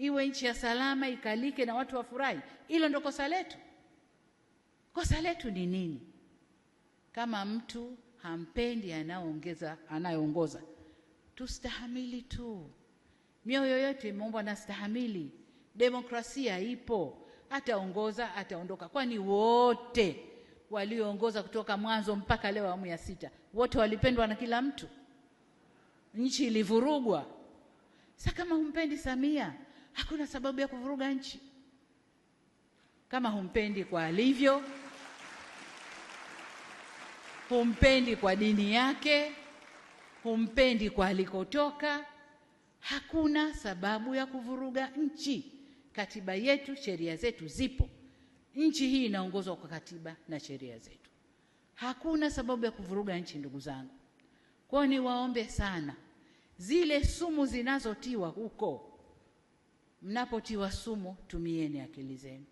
iwe nchi ya salama, ikalike na watu wafurahi. Hilo ndo kosa letu. Kosa letu ni nini? Kama mtu hampendi anaongeza anayeongoza, tustahamili tu. Mioyo yote imeombwa na stahamili. Demokrasia ipo, ataongoza ataondoka. Kwani wote walioongoza kutoka mwanzo mpaka leo awamu ya sita, wote walipendwa na kila mtu? Nchi ilivurugwa. Sasa kama humpendi Samia Hakuna sababu ya kuvuruga nchi. Kama humpendi kwa alivyo, humpendi kwa dini yake, humpendi kwa alikotoka, hakuna sababu ya kuvuruga nchi. Katiba yetu, sheria zetu zipo. Nchi hii inaongozwa kwa katiba na sheria zetu. Hakuna sababu ya kuvuruga nchi, ndugu zangu. Kwa hiyo niwaombe sana, zile sumu zinazotiwa huko mnapotiwa sumu tumieni akili zenu.